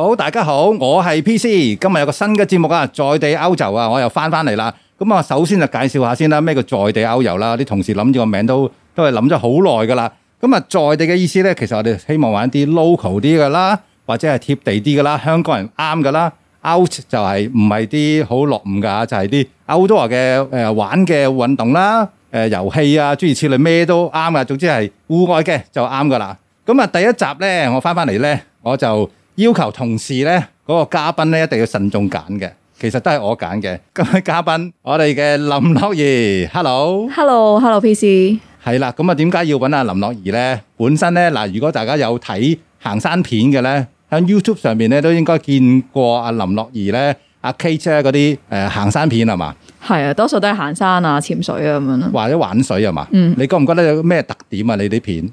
好，大家好，我係 PC。今日有個新嘅節目啊，在地 Out 遊啊，我又翻翻嚟啦。咁啊，首先就介紹下先啦。咩叫在地 Out 遊啦？啲同事諗住個名都都係諗咗好耐噶啦。咁啊，在地嘅意思咧，其實我哋希望玩啲 local 啲噶啦，或者係貼地啲噶啦，香港人啱噶啦。out 就係唔係啲好落伍噶，就係啲 outdoor 嘅誒玩嘅運動啦，誒遊戲啊，諸如此類咩都啱噶。總之係戶外嘅就啱噶啦。咁啊，第一集咧，我翻翻嚟咧，我就。要求同事咧，嗰、那個嘉賓咧一定要慎重揀嘅，其實都係我揀嘅。各、那、位、個、嘉賓，我哋嘅林樂儀，hello，hello，hello，PC，係啦。咁啊 Hello，點解要揾阿林樂儀咧？本身咧嗱，如果大家有睇行山片嘅咧，喺 YouTube 上面咧都應該見過阿林樂儀咧，阿、 啊、Kate 嗰啲誒行山片係嘛？係啊，多數都係行山啊、潛水啊咁樣咯，或者玩水係嘛？嗯，你覺唔覺得有咩特點啊？你啲片？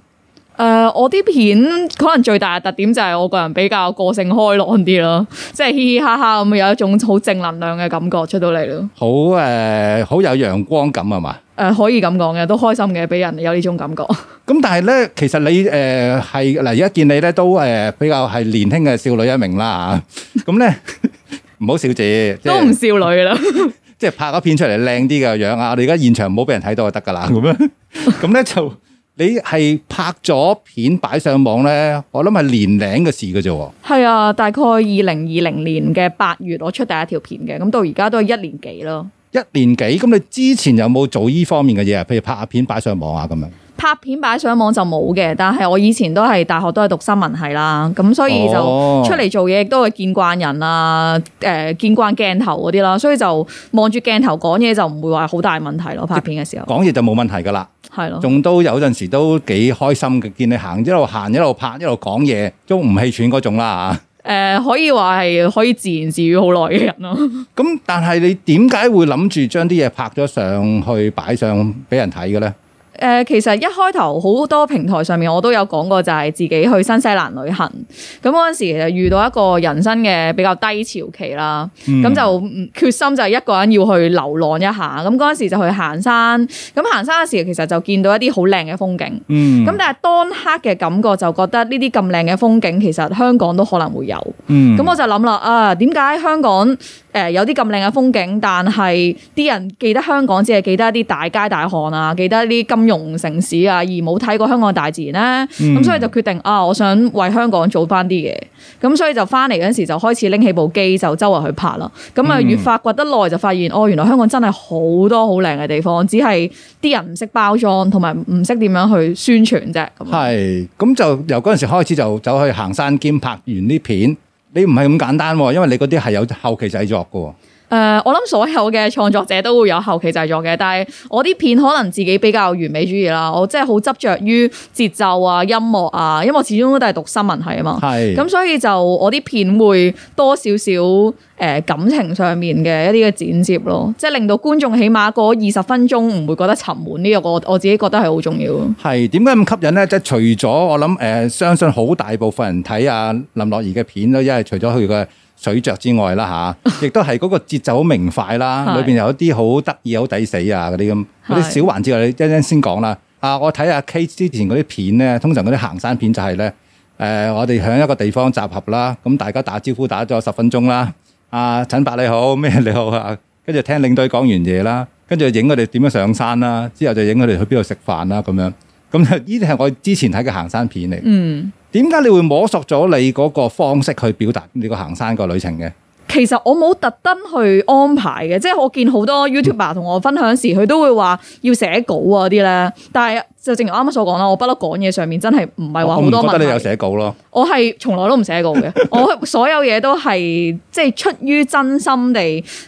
誒，uh, 我啲片可能最大嘅特點就係我個人比較個性開朗啲咯，即係嘻嘻哈哈咁，有一種好正能量嘅感覺出到嚟咯。好誒、呃，好有陽光感吖嘛？誒、呃，可以咁講嘅，都開心嘅，俾人有呢種感覺。咁但係咧，其實你誒係嗱，而、呃、家見你咧都誒比較係年輕嘅少女一名啦。咁咧唔好小姐，就是、都唔少女啦。即 係拍咗片出嚟靚啲嘅樣啊！我哋而家現場唔好俾人睇到就得噶啦。咁樣咁咧就。 你係拍咗片擺上網呢？我諗係年零嘅事嘅啫喎。係啊，大概二零二零年嘅八月，我出第一條片嘅，咁到而家都係一年幾咯。一年幾？咁你之前有冇做呢方面嘅嘢啊？譬如拍下片擺上網啊咁樣。拍片擺上網就冇嘅，但係我以前都係大學都係讀新聞系啦，咁所以就出嚟做嘢亦都係見慣人啊，誒、呃、見慣鏡頭嗰啲啦，所以就望住鏡頭講嘢就唔會話好大問題咯。拍片嘅時候講嘢就冇問題㗎啦。係咯，仲都有陣時都幾開心，嘅，見你行一路行一路拍一路講嘢，都唔氣喘嗰種啦吓。誒、呃，可以話係可以自言自語好耐嘅人咯。咁 但係你點解會諗住將啲嘢拍咗上去擺上俾人睇嘅咧？誒、呃、其實一開頭好多平台上面我都有講過，就係自己去新西蘭旅行。咁嗰陣時遇到一個人生嘅比較低潮期啦，咁就決心就係一個人要去流浪一下。咁嗰陣時就去行山，咁行山嘅時候其實就見到一啲好靚嘅風景。咁、嗯、但係當刻嘅感覺就覺得呢啲咁靚嘅風景其實香港都可能會有。咁、嗯、我就諗啦，啊點解香港誒、呃、有啲咁靚嘅風景，但係啲人記得香港只係記得一啲大街大巷啊，記得一啲咁融城市啊，而冇睇過香港大自然呢？咁、嗯、所以就決定啊，我想為香港做翻啲嘢，咁所以就翻嚟嗰時就開始拎起部機就周圍去拍啦，咁啊越發掘得耐就發現哦，原來香港真係好多好靚嘅地方，只係啲人唔識包裝同埋唔識點樣去宣傳啫。係，咁就由嗰陣時開始就走去行山兼拍完啲片，你唔係咁簡單，因為你嗰啲係有後期製作嘅。誒，uh, 我諗所有嘅創作者都會有後期製作嘅，但係我啲片可能自己比較完美主義啦，我即係好執着於節奏啊、音樂啊，因為我始終都係讀新聞系啊嘛，咁是所以就我啲片會多少少誒、呃、感情上面嘅一啲嘅剪接咯，即係令到觀眾起碼過二十分鐘唔會覺得沉悶呢、這個，我我自己覺得係好重要咯。係點解咁吸引呢？即係除咗我諗誒、呃，相信好大部分人睇阿、啊、林樂儀嘅片咯，因為除咗佢嘅水着之外啦吓，亦都係嗰個節奏好明快啦，裏邊 有一啲好得意、好抵死啊嗰啲咁，嗰啲小環節我哋一陣先講啦。啊，我睇下 Kate 之前嗰啲片咧，通常嗰啲行山片就係咧，誒、呃，我哋喺一個地方集合啦，咁大家打招呼打咗十分鐘啦。啊，陳伯你好，咩你好啊？跟住聽領隊講完嘢啦，跟住影佢哋點樣上山啦，之後就影佢哋去邊度食飯啦咁樣。咁呢係我之前睇嘅行山片嚟。嗯。點解你會摸索咗你嗰個方式去表達你個行山個旅程嘅？其實我冇特登去安排嘅，即係我見好多 YouTuber 同我分享時，佢都會話要寫稿嗰啲咧，但係。就正如啱啱所講啦，我不嬲講嘢上面真係唔係話好多問題。我唔覺得你有寫稿咯。我係從來都唔寫稿嘅， 我所有嘢都係即係出於真心地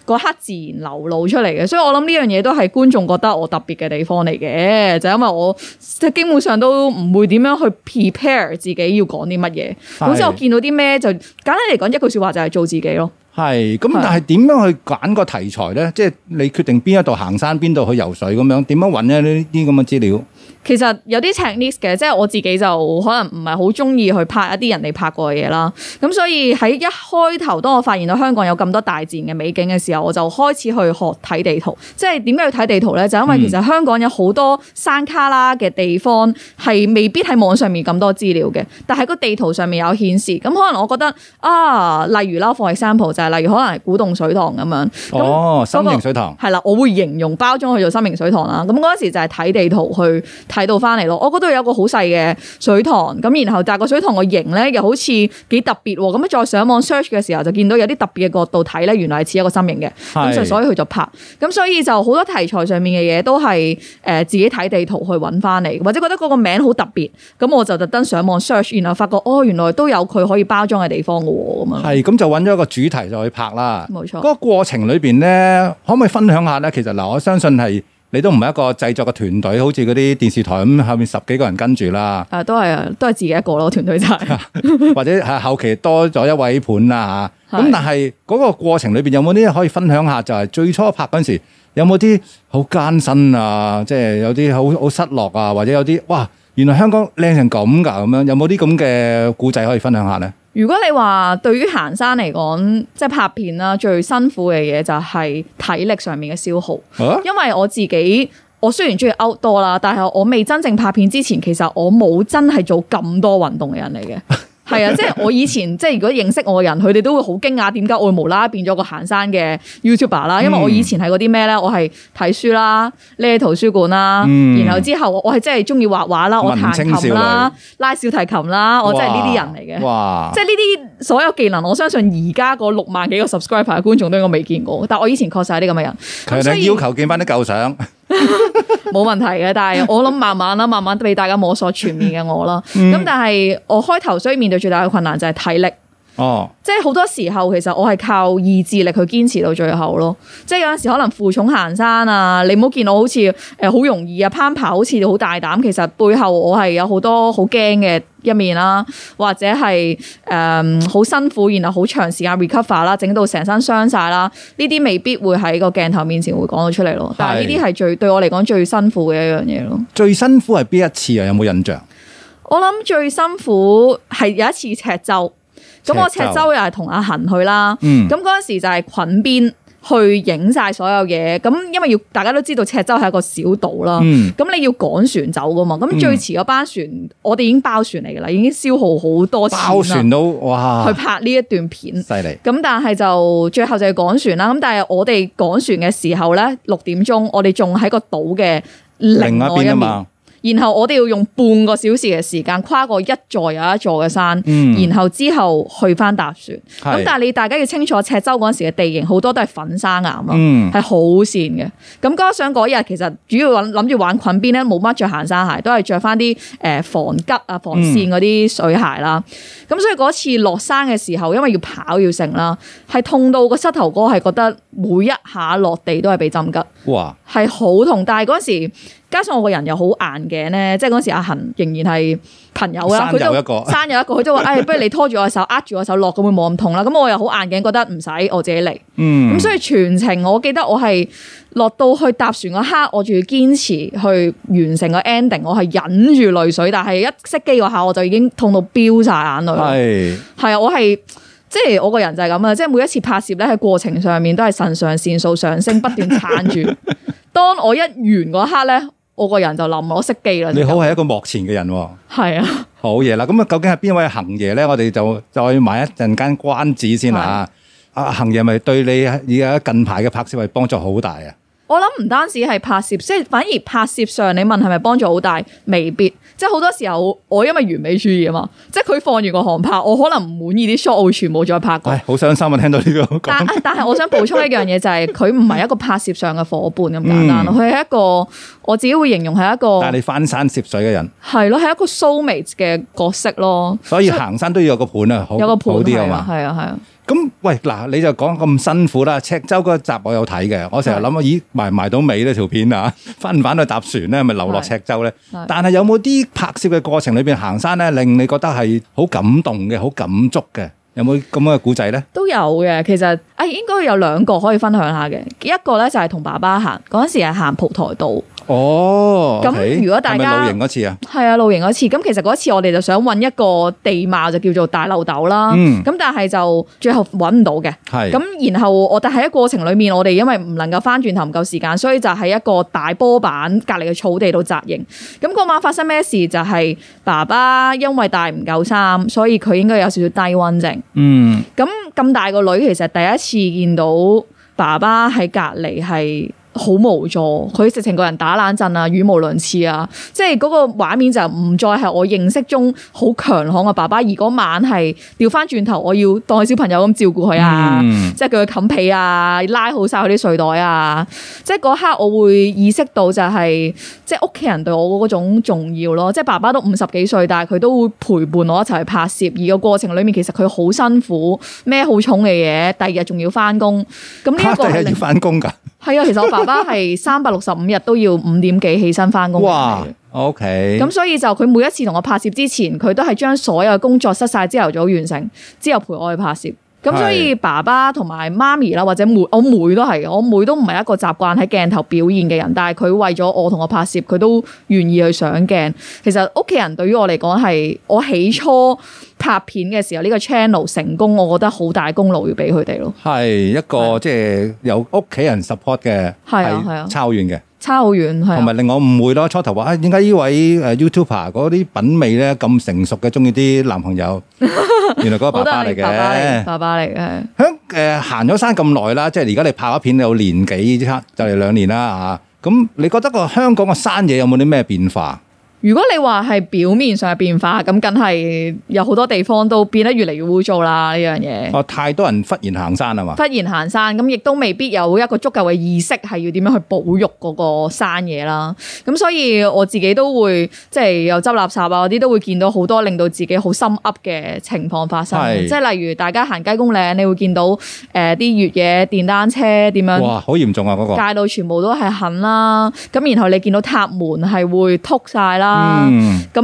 嗰刻自然流露出嚟嘅。所以我諗呢樣嘢都係觀眾覺得我特別嘅地方嚟嘅，就是、因為我即係基本上都唔會點樣去 prepare 自己要講啲乜嘢，總之是我見到啲咩就簡單嚟講一句説話就係做自己咯。係咁，是但係點樣去揀個題材咧？即、就、係、是、你決定邊一度行山，邊度去游水咁樣呢，點樣揾咧呢啲咁嘅資料？其實有啲 technique 嘅，即係我自己就可能唔係好中意去拍一啲人哋拍過嘅嘢啦。咁所以喺一開頭，當我發現到香港有咁多大自然嘅美景嘅時候，我就開始去學睇地圖。即係點解要睇地圖咧？就因為其實香港有好多山卡拉嘅地方係未必喺網上面咁多資料嘅，但係個地圖上面有顯示。咁可能我覺得啊，例如啦，for example 就係例如可能係古洞水塘咁樣。哦，心型、那個、水塘。係啦，我會形容包裝去做心型水塘啦。咁嗰陣時就係睇地圖去。睇到翻嚟咯，我嗰度有個好細嘅水塘，咁然後但係個水塘個型咧，又好似幾特別喎。咁樣再上網 search 嘅時候，就見到有啲特別嘅角度睇咧，原來係似一個心形嘅。咁是所以佢就拍，咁所以就好多題材上面嘅嘢都係誒自己睇地圖去揾翻嚟，或者覺得嗰個名好特別，咁我就特登上網 search，然後發覺哦，原來都有佢可以包裝嘅地方嘅喎，咁啊。係，咁就揾咗一個主題就去拍啦。冇錯，嗰個過程裏邊咧，可唔可以分享下咧？其實嗱，我相信係。你都唔係一個製作嘅團隊，好似嗰啲電視台咁，後面十幾個人跟住啦。啊，都係啊，都係自己一個咯，團隊就係、 或者係、啊、後期多咗一位伴啦吓。咁、啊、是但係嗰、嗰個過程裏邊有冇啲可以分享下？就係、是、最初拍嗰時有冇啲好艱辛啊？即、就、係、是、有啲好好失落啊，或者有啲哇，原來香港靚成咁噶？咁樣有冇啲咁嘅故仔可以分享下咧？如果你話對於行山嚟講，即係拍片啦，最辛苦嘅嘢就係體力上面嘅消耗。啊、因為我自己，我雖然中意 out 多啦，但係我未真正拍片之前，其實我冇真係做咁多運動嘅人嚟嘅。 係啊， 即係我以前，即係如果認識我嘅人，佢哋都會好驚訝，點解我會無啦變咗個行山嘅 YouTuber 啦？因為我以前係嗰啲咩咧，我係睇書啦，匿喺圖書館啦，嗯、然後之後我係真係中意畫畫啦，我彈琴啦，拉小提琴啦，我真係呢啲人嚟嘅。哇！即係呢啲所有技能，我相信而家個六萬幾個 subscriber 嘅觀眾都應該未見過，但我以前確實係啲咁嘅人。佢想他們 以要求見翻啲舊相。冇 問題嘅，但係我諗慢慢啦，慢慢俾大家摸索全面嘅我啦。咁 但係我開頭所以面對最大嘅困難就係體力。哦，即係好多時候其實我係靠意志力去堅持到最後咯。即係有陣時可能負重行山啊，你唔好見我好似誒好容易啊攀爬，好似好大膽。其實背後我係有好多好驚嘅一面啦、啊，或者係誒好辛苦，然後好長時間 recover 啦，整到成身傷晒啦。呢啲未必會喺個鏡頭面前會講到出嚟咯。是 但係呢啲係最對我嚟講最辛苦嘅一樣嘢咯。最辛苦係邊一次啊？有冇印象？我諗最辛苦係有一次赤州。咁我赤州，赤州又係同阿恒去啦，咁嗰陣時就係捆邊去影晒所有嘢，咁因為要大家都知道赤州係一個小島啦，咁、嗯、你要趕船走噶嘛，咁、嗯、最遲嗰班船我哋已經包船嚟噶啦，已經消耗好多錢啦，包船都哇，去拍呢一段片，犀利。咁但係就最後就係趕船啦，咁但係我哋趕船嘅時候咧，六點鐘我哋仲喺個島嘅另外一邊。然後我哋要用半個小時嘅時間跨過一座又一座嘅山，嗯、然後之後去翻搭船。咁、嗯、但係你大家要清楚，赤洲嗰陣時嘅地形好多都係粉砂岩咯，係好跣嘅。咁加上嗰日其實主要諗住玩裙邊咧，冇乜着行山鞋，都係着翻啲誒防吉啊防跣嗰啲水鞋啦。咁、嗯、所以嗰次落山嘅時候，因為要跑要成啦，係痛到個膝頭哥係覺得每一下落地都係被針吉，係好哇痛。但係嗰時。加上我個人又好硬頸咧，即係嗰時阿恒仍然係朋友啦，佢就生有一個，佢都話：哎，不如你拖住我手，握住我手落，咁會冇咁痛啦。咁 我又好硬頸，覺得唔使我自己嚟。咁、嗯、所以全程我記得我係落到去搭船嗰刻，我仲要堅持去完成個 ending，我係忍住淚水，但係一熄機嗰下，我就已經痛到飆晒眼淚。係係啊，我係即係我個人就係咁啊，即係每一次拍攝咧，喺過程上面都係腎上腺素上升，不斷撐住。 當我一完嗰刻咧。我個人就冧，我識機啦。你好係一個幕前嘅人，係啊，好嘢啦。咁啊，究竟係邊位行爺咧？我哋就再賣一陣間關子先是啊，啊。阿行爺咪對你而家近排嘅拍攝係幫助好大啊！我諗唔單止係拍攝，即係反而拍攝上，你問係咪幫助好大？未必，即係好多時候我因為完美主義啊嘛，即係佢放完個航拍，我可能唔滿意啲 s h o r 全部再拍過。好傷心啊！聽到呢個但， 但係但係，我想補充一樣嘢就係佢唔係一個拍攝上嘅夥伴咁簡單，佢係、嗯、一個我自己會形容係一個，但你翻山涉水嘅人係咯，係一個 show 眉嘅角色咯，所以，所以行山都要有個盤啊，有個盤啲啊嘛，係啊係啊。咁喂嗱，你就講咁辛苦啦！赤洲嗰集我有睇嘅，我成日諗啊，的咦，埋唔埋到尾呢條片啊？翻唔翻去搭船咧，咪、就是、流落赤洲咧？但係有冇啲拍攝嘅過程裏邊行山咧，令你覺得係好感動嘅、好感觸嘅？有冇咁樣嘅故仔咧？都有嘅，其實啊、哎，應該有兩個可以分享下嘅。一個咧就係同爸爸行嗰陣時係行蒲台島，哦，咁、oh, okay. 如果大家是是露營嗰次啊，係啊露營嗰次，咁其實嗰一次我哋就想揾一個地貌，就叫做大漏斗啦，咁、mm. 但係就最後揾唔到嘅，咁是然後我哋喺一個過程裏面，我哋因為唔能夠翻轉頭唔夠時間，所以就喺一個大波板隔籬嘅草地度紮營。咁、那、嗰、個、晚發生咩事就係、是、爸爸因為帶唔夠衫，所以佢應該有少少低溫症。嗯，咁咁大個女其實第一次見到爸爸喺隔籬係。好無助，佢直情個人打冷震啊，語無倫次啊，即係嗰個畫面就唔再係我認識中好強悍嘅爸爸，而嗰晚係調翻轉頭，我要當佢小朋友咁照顧佢啊。嗯、即係叫佢冚被啊，拉好晒佢啲睡袋啊，即係嗰刻我會意識到就係、是、即係屋企人對我嗰種重要咯，即係爸爸都五十幾歲，但係佢都會陪伴我一齊去拍攝，而個過程裏面其實佢好辛苦，孭好重嘅嘢，第二日仲要翻工，咁呢一個係要翻工噶。係啊， 其實我爸爸係三百六十五日都要五點幾起身翻工。哇，OK。咁所以就佢每一次同我拍攝之前，佢都係將所有工作塞晒朝頭早完成，之後陪我去拍攝。咁、嗯、所以爸爸同埋媽咪啦，或者妹我妹都係，我妹都唔係一個習慣喺鏡頭表現嘅人，但係佢為咗我同我拍攝，佢都願意去上鏡。其實屋企人對於我嚟講，係我起初拍片嘅時候，呢、這個 channel 成功，我覺得好大功勞要俾佢哋咯。係一個即係有屋企人 support 嘅，係啊，係啊，抄完嘅。差好遠，同埋令我誤會咯。初頭話啊，點解呢位誒 YouTuber 嗰啲品味咧咁成熟嘅，中意啲男朋友， 原來嗰個爸爸嚟嘅， 爸爸嚟嘅。香行咗山咁耐啦，即係而家你拍咗片你有年幾差，就嚟兩年啦嚇。咁、啊、你覺得個香港個山野有冇啲咩變化？如果你話係表面上嘅變化，咁梗係有好多地方都變得越嚟越污糟啦，呢樣嘢。哦，太多人忽然行山啊嘛！忽然行山，咁亦都未必有一個足夠嘅意識係要點樣去保育嗰個山嘢啦。咁所以我自己都會即係又執垃圾啊，嗰啲都會見到好多令到自己好心噏嘅情況發生。是即係例如大家行雞公嶺，你會見到誒啲、呃、越野電單車點樣？哇，好嚴重啊！嗰個街道全部都係痕啦，咁然後你見到塔門係會禿晒啦。啦，咁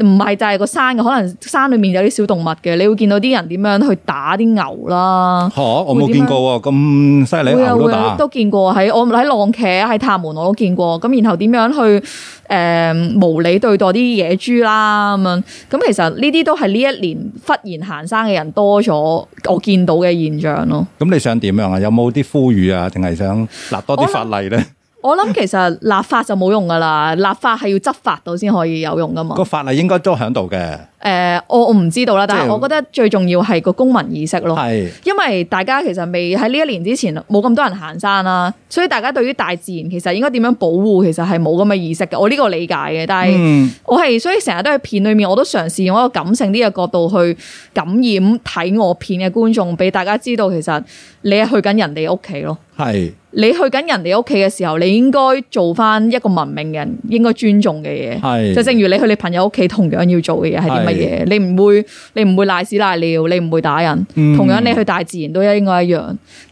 唔係就係個山嘅，可能山裏面有啲小動物嘅，你會見到啲人點樣去打啲牛啦。吓，我冇見過啊，咁犀利啊，都打。都見過喺我喺浪茄喺塔門我都見過，咁然後點樣去誒無理對待啲野豬啦咁樣。咁其實呢啲都係呢一年忽然行山嘅人多咗，我見到嘅現象咯。咁你想點樣啊？有冇啲呼籲啊？定係想立多啲法例咧？我諗其實立法就冇用噶啦，立法係要執法到先可以有用噶嘛。個法例應該都喺度嘅。誒、呃，我我唔知道啦，就是、但係我覺得最重要係個公民意識咯。係是，因為大家其實未喺呢一年之前冇咁多人行山啦、啊，所以大家對於大自然其實應該點樣保護，其實係冇咁嘅意識嘅。我呢個理解嘅，但係我係、嗯、所以成日都喺片裏面，我都嘗試用一個感性啲嘅角度去感染睇我片嘅觀眾，俾大家知道其實你係去緊人哋屋企咯。係。你去緊人哋屋企嘅時候，你應該做翻一個文明人應該尊重嘅嘢，是就正如你去你朋友屋企同樣要做嘅嘢係啲乜嘢？你唔會你唔會瀨屎瀨尿，你唔會打人。同樣你去大自然都應該一樣。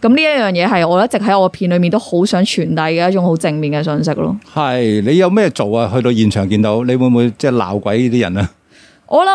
咁呢一樣嘢係我一直喺我片裏面都好想傳遞嘅一種好正面嘅信息咯。係，你有咩做啊？去到現場見到你會唔會即係鬧鬼呢啲人啊？我諗，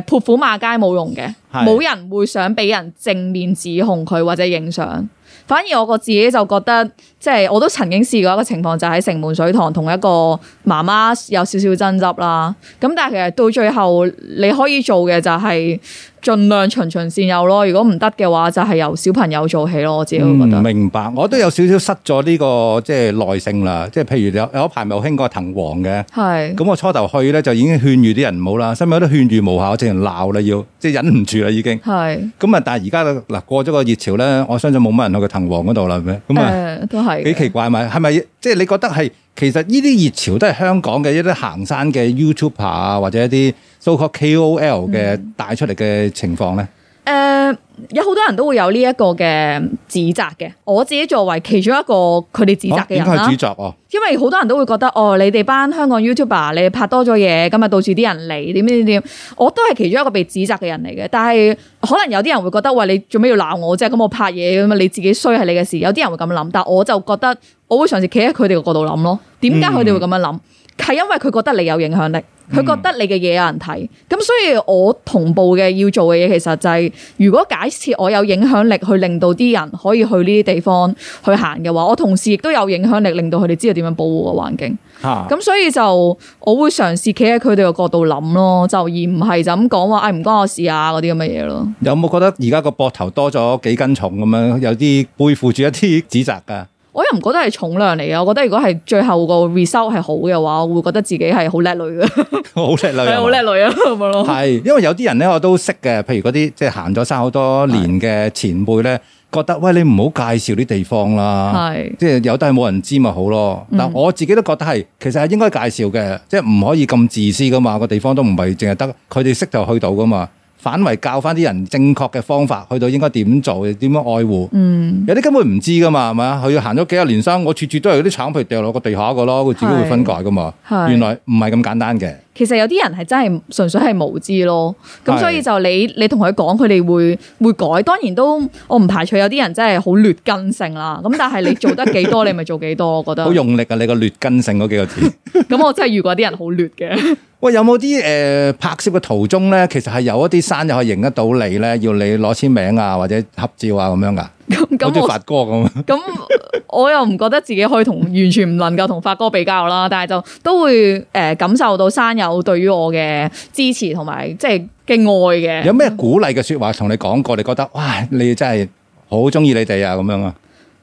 誒潑婦罵街冇用嘅，冇是人會想俾人正面指控佢或者影相。反而我個自己就覺得，即係我都曾經試過一個情況，就喺城門水塘同一個媽媽有少少爭執啦，咁但係其實到最後你可以做嘅就係。盡量循循善誘咯，如果唔得嘅話，就係、是、由小朋友做起咯。我自己會覺得、嗯。明白，我都有少少失咗呢、這個即係耐性啦。即係譬如有有一排咪好興嗰藤王嘅，係咁是我初頭去咧就已經勸喻啲人唔好啦，身邊有都勸喻無效，我直情鬧啦要，即係忍唔住啦已經。係咁啊！但係而家嘅嗱過咗個熱潮咧，我相信冇乜人去個藤王嗰度啦。咁啊、嗯，都係幾奇怪咪？係咪即係你覺得係？其實呢啲熱潮都係香港嘅一啲行山嘅 YouTuber 啊，或者一啲 so-called KOL 嘅帶出嚟嘅情況呢？嗯誒、呃，有好多人都會有呢一個嘅指責嘅。我自己作為其中一個佢哋指責嘅人啦，啊、指責啊，因為好多人都會覺得哦，你哋班香港 YouTuber，你拍多咗嘢，咁啊到處啲人嚟，點點點。我都係其中一個被指責嘅人嚟嘅。但係可能有啲人會覺得，喂，你做咩要鬧我啫？咁我拍嘢咁啊，你自己衰係你嘅事。有啲人會咁諗，但我就覺得我會嘗試企喺佢哋嘅角度諗咯。點解佢哋會咁樣諗？係、嗯、因為佢覺得你有影響力。佢、嗯、覺得你嘅嘢有人睇，咁所以我同步嘅要做嘅嘢，其實就係、是、如果假設我有影響力，去令到啲人可以去呢啲地方去行嘅話，我同時亦都有影響力，令到佢哋知道點樣保護個環境。咁、啊、所以就我會嘗試企喺佢哋嘅角度諗咯，就而唔係就咁講話，唉，唔關我事啊，嗰啲咁嘅嘢咯。有冇覺得而家個膊頭多咗幾斤重咁樣，有啲背負住一啲指責噶？我又唔覺得係重量嚟嘅，我覺得如果係最後個 result 係好嘅話，我會覺得自己係好叻女嘅，好叻女好叻女啊咁咯。係因為有啲人咧，我都識嘅，譬如嗰啲即係行咗山好多年嘅前輩咧，覺得喂，你唔好介紹啲地方啦，係是即係有都係冇人知咪好咯。嗱，我自己都覺得係，其實係應該介紹嘅，即係唔可以咁自私噶嘛。個地方都唔係淨係得佢哋識就去到噶嘛。反為教翻啲人正確嘅方法，去到應該點做，點樣愛護。嗯，有啲根本唔知噶嘛，係咪啊？佢要行咗幾十年山，我處處都係啲橙皮掉落個地下個咯，佢自己會分解噶嘛。原來唔係咁簡單嘅。其實有啲人係真係純粹係無知咯，咁所以就你你同佢講，佢哋會會改。當然都我唔排除有啲人真係好劣根性啦。咁但係你做得幾多， 你咪做幾多。我覺得。好用力啊！你個劣根性嗰幾個字。咁 我真係遇過啲人好劣嘅。 喂，有冇啲誒拍攝嘅途中咧，其實係有一啲山友可以認得到你咧，要你攞簽名啊，或者合照啊咁樣噶，嗯嗯、好似發哥咁、嗯。咁、嗯、 我又唔覺得自己可以同完全唔能夠同發哥比較啦，但係就都會誒、呃、感受到山友對於我嘅支持同埋即係嘅愛嘅。有咩鼓勵嘅説話同你講過？你覺得哇，你真係好中意你哋啊咁樣啊！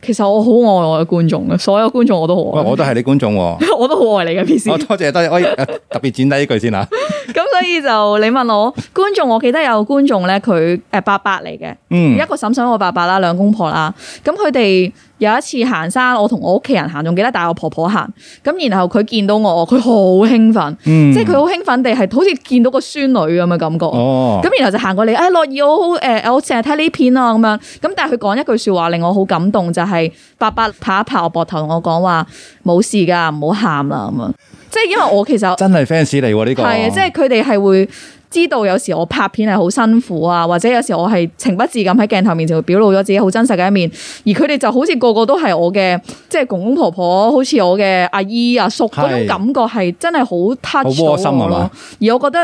其實我好愛我嘅觀眾嘅，所有觀眾我都好愛。喂，我都係你觀眾，哦， 我都好愛你嘅。P. C. 我多謝多謝，我 特別剪低呢句先吓。咁 所以就你問我觀眾，我記得有個觀眾咧，佢誒伯伯嚟嘅，嗯，一個嬸嬸，我爸爸啦，兩公婆啦，咁佢哋。有一次行山，我同我屋企人行，仲記得，帶我婆婆行，咁然後佢見到我，佢、嗯、好興奮，即係佢好興奮地係好似見到個孫女咁嘅感覺，咁、哦、然後就行過嚟，哎樂儀，我好誒、呃，我成日睇呢片啊咁樣，咁但係佢講一句説話令我好感動，就係伯伯拍一拍我膊頭，同我講話冇事噶，唔好喊啦咁樣，即係因為我其實真係 fans 嚟喎呢個，係啊，即係佢哋係會。知道有時我拍片係好辛苦啊，或者有時我係情不自禁喺鏡頭面前表露咗自己好真實嘅一面，而佢哋就好似個個都係我嘅，即係公公婆婆，好似我嘅阿姨阿叔嗰種感覺係真係好 touch 到我咯。而我覺得。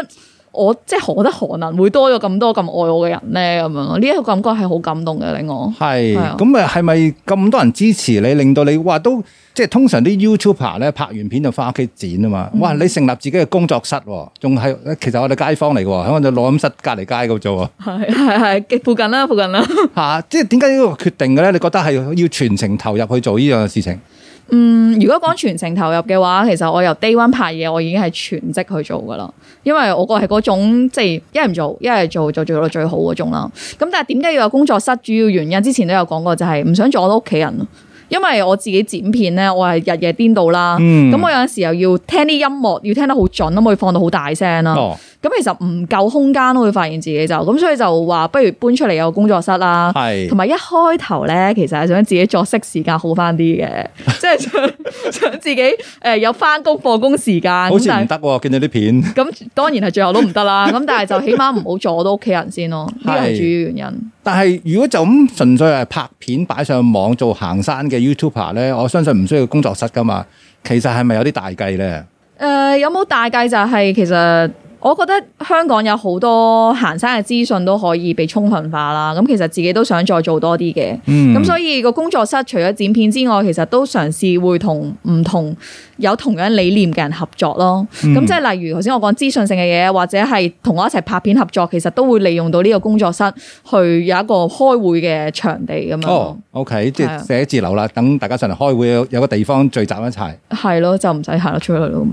我即係覺得可能會多咗咁多咁愛我嘅人咧，咁樣呢一個感覺係好感動嘅，令我係咁是啊，係咪咁多人支持你，令到你哇都即係通常啲 YouTuber 咧拍完片就翻屋企剪啊嘛。哇、嗯、你成立自己嘅工作室仲、啊、係其實我哋街坊嚟嘅喺我哋錄音室隔籬街嗰度做係係係附近啦，附近啦吓、 啊，即係點解呢個決定嘅咧？你覺得係要全程投入去做呢樣事情？嗯，如果講全程投入嘅話，其實我由 day one 拍嘢，我已經係全職去做噶啦。因為我個係嗰種即係一係唔做一係做就做，做到最好嗰種啦。咁但係點解要有工作室？主要原因之前都有講過，就係、是、唔想阻到屋企人。因為我自己剪片咧，我係日夜顛倒啦。咁、嗯嗯、我有陣時又要聽啲音樂，要聽得好準，我可以放到好大聲啦。哦咁其實唔夠空間咯，會發現自己就咁，所以就話不如搬出嚟有個工作室啦。係同埋一開頭咧，其實係想自己作息時間好翻啲嘅， 即係想想自己誒、呃、有翻工放工時間，好似唔得喎。是見到啲片咁，當然係最後都唔得啦。咁 但係就起碼唔好阻到屋企人先咯，呢個係 主要原因。但係如果就咁純粹係拍片擺上網做行山嘅 YouTuber 咧，我相信唔需要工作室噶嘛。其實係咪有啲大計咧？誒、呃，有冇大計就係其實？我覺得香港有好多行山嘅資訊都可以被充份化啦，咁其實自己都想再做多啲嘅，咁、嗯、所以個工作室除咗剪片之外，其實都嘗試會同唔同有同樣理念嘅人合作咯。咁、嗯、即係例如頭先我講資訊性嘅嘢，或者係同我一齊拍片合作，其實都會利用到呢個工作室去有一個開會嘅場地咁樣。哦，OK、啊、即係寫字樓啦，等大家上嚟開會有有個地方聚集一齊。係咯、啊，就唔使行得出去咯。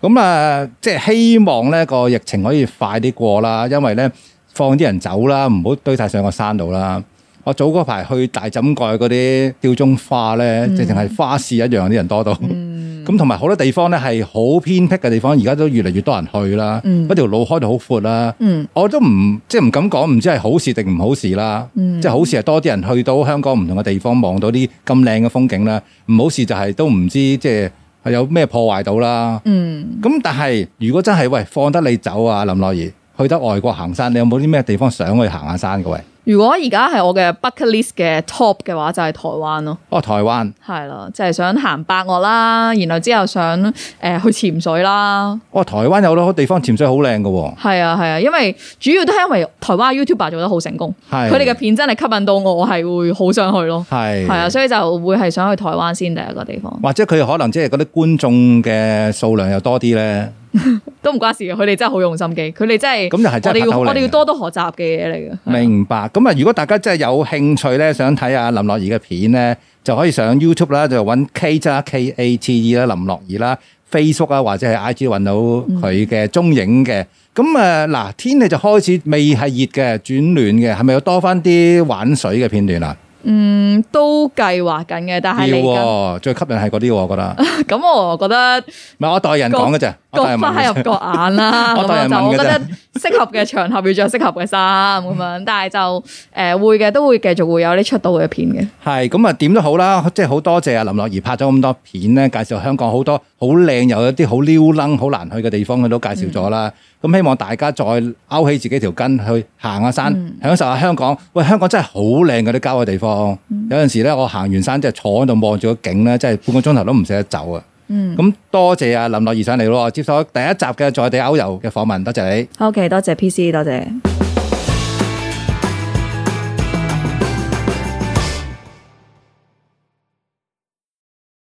咁啊、嗯，即係希望呢、呢個疫情可以快啲過啦，因為呢放啲人走啦，唔好堆晒上個山度啦。我早嗰排去大枕蓋嗰啲吊鐘花呢，即係淨係花市一樣啲人多到。咁同埋好多地方呢係好偏僻嘅地方，而家都越嚟越多人去啦。嗰條、嗯、路開到好闊啦。嗯、我都唔即係唔敢講，唔知係好事定唔好事啦。即係、嗯、好事係多啲人去到香港唔同嘅地方，望到啲咁靚嘅風景啦。唔好事就係都唔知即係。係有咩破壞到啦？嗯，咁但係如果真係喂放得你走啊，林樂儀去得外國行山，你有冇啲咩地方想去行下山嘅位？喂如果而家係我嘅 bucket list 嘅 top 嘅話，就係台灣咯。哦，台灣。係啦，就係想行百岳啦，然後之後想誒去潛水啦。哦，台灣有好多地方潛水好靚嘅喎。係啊係啊，因為主要都係因為台灣 YouTuber 做得好成功，佢哋嘅片真係吸引到我，我係會好想去咯。係。係啊，所以就會係想去台灣先第一個地方。或者佢可能即係嗰啲觀眾嘅數量又多啲咧。 都唔關事嘅，佢哋真係好用心機，佢哋真係咁又係， 真 我哋要 我哋要多多學習嘅嘢嚟嘅。明白。咁啊，如果大家真係有興趣咧，想睇下林樂儀嘅片咧，就可以上 YouTube 啦，就揾 k, k a t k A T E 啦，林樂儀啦，Facebook 啊或者係 I G 揾到佢嘅蹤影嘅。咁啊嗱，天氣就開始未係熱嘅，轉暖嘅，係咪要多翻啲玩水嘅片段啦？嗯，都計劃緊嘅，但係要、啊、最吸引係嗰啲喎，我覺得。咁、啊、我覺得，唔係我代人講嘅啫，各花入各眼啦。我代人，個我代人問嘅，我覺得適合嘅場合要着適合嘅衫咁樣， 但係就誒、呃、會嘅，都會繼續會有啲出到嘅片嘅 。係咁啊，點都好啦，即係好多謝阿林樂儀拍咗咁多片咧，介紹香港好多好靚又一啲好撩楞好難去嘅地方，佢都介紹咗啦。嗯咁希望大家再勾起自己條筋去行下山，嗯、享受下香港。喂，香港真係好靚，嗰啲郊外地方。嗯、有陣時咧，我行完山之後、即係、坐喺度望住個景咧，真係半個鐘頭都唔捨得走啊！咁、嗯、多謝阿林樂儀上嚟咯，接受第一集嘅在地 Out 遊嘅訪問，多謝你。o、okay, k 多謝 PC，多謝。